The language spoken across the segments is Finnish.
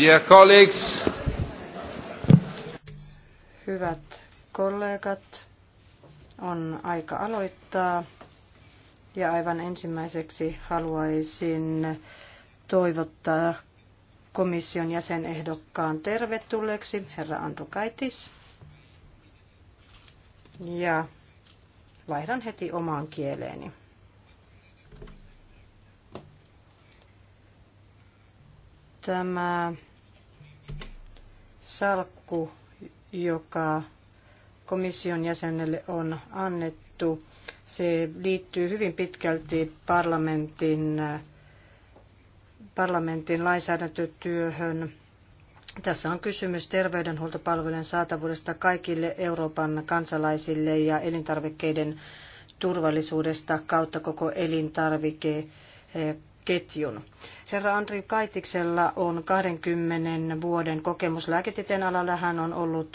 Dear colleagues. Hyvät kollegat, on aika aloittaa. Ja aivan ensimmäiseksi haluaisin toivottaa komission jäsenehdokkaan tervetulleeksi, herra Andru Kaitis. Ja vaihdan heti omaan kieleeni. Tämä salkku, joka komission jäsenelle on annettu, se liittyy hyvin pitkälti parlamentin, parlamentin lainsäädäntötyöhön. Tässä on kysymys terveydenhuoltopalvelujen saatavuudesta kaikille Euroopan kansalaisille ja elintarvikkeiden turvallisuudesta kautta koko elintarvikeketjun ketjun. Herra Andri Kaitiksella on 20 vuoden kokemus lääketieteen alalla. Hän on ollut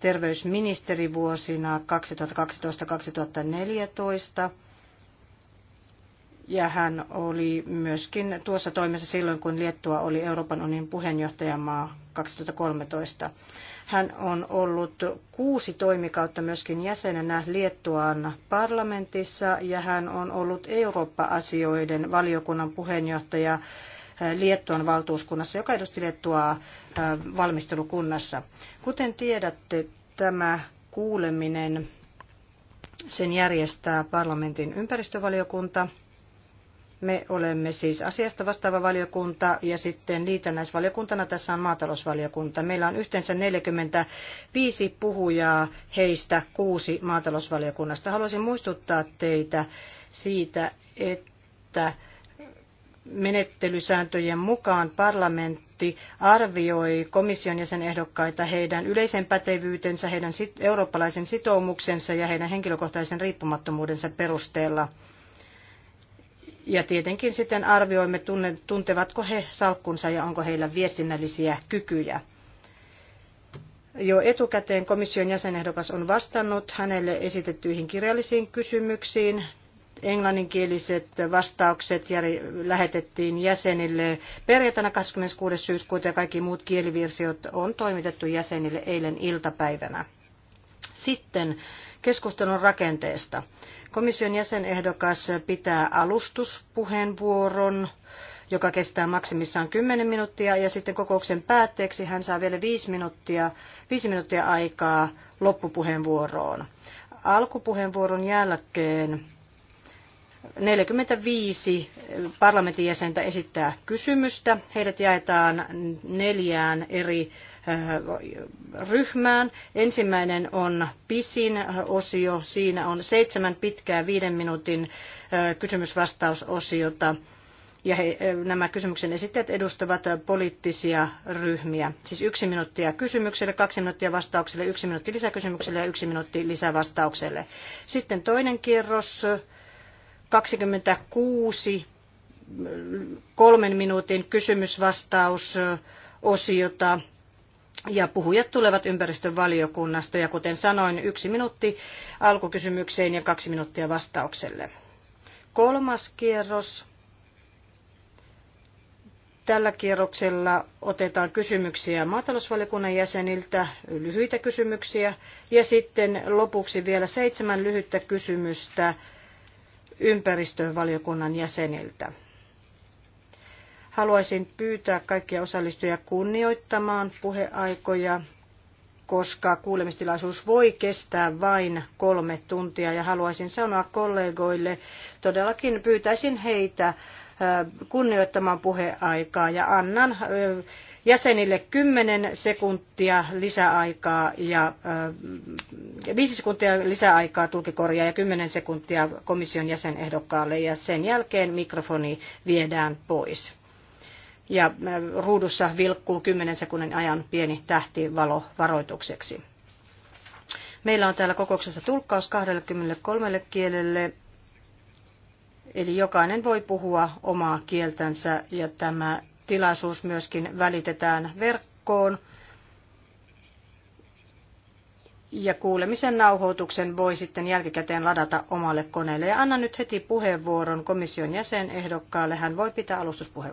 terveysministeri vuosina 2012-2014 ja hän oli myöskin tuossa toimessa silloin, kun Liettua oli Euroopan unionin puheenjohtajamaa 2013. Hän on ollut kuusi toimikautta myöskin jäsenenä Liettuaan parlamentissa ja hän on ollut Eurooppa-asioiden valiokunnan puheenjohtaja eh, Liettuan valtuuskunnassa, joka edusti Liettuaa eh, valmistelukunnassa. Kuten tiedätte, tämä kuuleminen sen järjestää parlamentin ympäristövaliokunta – me olemme siis asiasta vastaava valiokunta ja sitten liitännäisvaliokuntana tässä on maatalousvaliokunta. Meillä on yhteensä 45 puhujaa, heistä kuusi maatalousvaliokunnasta. Haluaisin muistuttaa teitä siitä, että menettelysääntöjen mukaan parlamentti arvioi komission jäsenehdokkaita heidän yleisen pätevyytensä, heidän eurooppalaisen sitoumuksensa ja heidän henkilökohtaisen riippumattomuudensa perusteella. Ja tietenkin sitten arvioimme, tuntevatko he salkkunsa ja onko heillä viestinnällisiä kykyjä. Jo etukäteen komission jäsenehdokas on vastannut hänelle esitettyihin kirjallisiin kysymyksiin. Englanninkieliset vastaukset lähetettiin jäsenille perjantaina 26. syyskuuta ja kaikki muut kieliversiot on toimitettu jäsenille eilen iltapäivänä. Sitten keskustelun rakenteesta. Komission jäsenehdokas pitää alustuspuheenvuoron joka kestää maksimissaan 10 minuuttia, ja sitten kokouksen päätteeksi hän saa vielä 5 minuuttia, 5 minuuttia aikaa loppupuheenvuoroon. Alkupuheenvuoron jälkeen 45 parlamentin jäsentä esittää kysymystä. Heidät jaetaan neljään eri äh, ryhmään. Ensimmäinen on pisin osio. Siinä on seitsemän pitkää viiden minuutin äh, kysymysvastausosiota. Ja he, äh, nämä kysymyksen esittäjät edustavat poliittisia ryhmiä. Siis yksi minuuttia kysymykselle, kaksi minuuttia vastaukselle, yksi minuutti lisäkysymykselle ja yksi minuutti lisävastaukselle. Sitten toinen kierros 26 kolmen minuutin kysymysvastausosiota ja puhujat tulevat ympäristövaliokunnasta ja kuten sanoin, yksi minuutti alkukysymykseen ja kaksi minuuttia vastaukselle. Kolmas kierros. Tällä kierroksella otetaan kysymyksiä maatalousvaliokunnan jäseniltä, lyhyitä kysymyksiä ja sitten lopuksi vielä seitsemän lyhyttä kysymystä ympäristövaliokunnan jäseniltä. Haluaisin pyytää kaikkia osallistujia kunnioittamaan puheaikoja koska kuulemistilaisuus voi kestää vain kolme tuntia. Ja haluaisin sanoa kollegoille, todellakin pyytäisin heitä kunnioittamaan puheaikaa ja annan jäsenille 10 sekuntia lisäaikaa ja 5 sekuntia lisäaikaa tulkikorjaa ja 10 sekuntia komission jäsenehdokkaalle ja sen jälkeen mikrofoni viedään pois ja äh, ruudussa vilkkuu 10 sekunnin ajan pieni tähtivalo varoitukseksi. Meillä on täällä kokouksessa tulkkaus 23 kielelle, eli jokainen voi puhua omaa kieltänsä ja tämä tilaisuus myöskin välitetään verkkoon. Ja kuulemisen nauhoituksen voi sitten jälkikäteen ladata omalle koneelle. Ja annan nyt heti puheenvuoron komission jäsenehdokkaalle. Hän voi pitää alustuspuheenvuoron.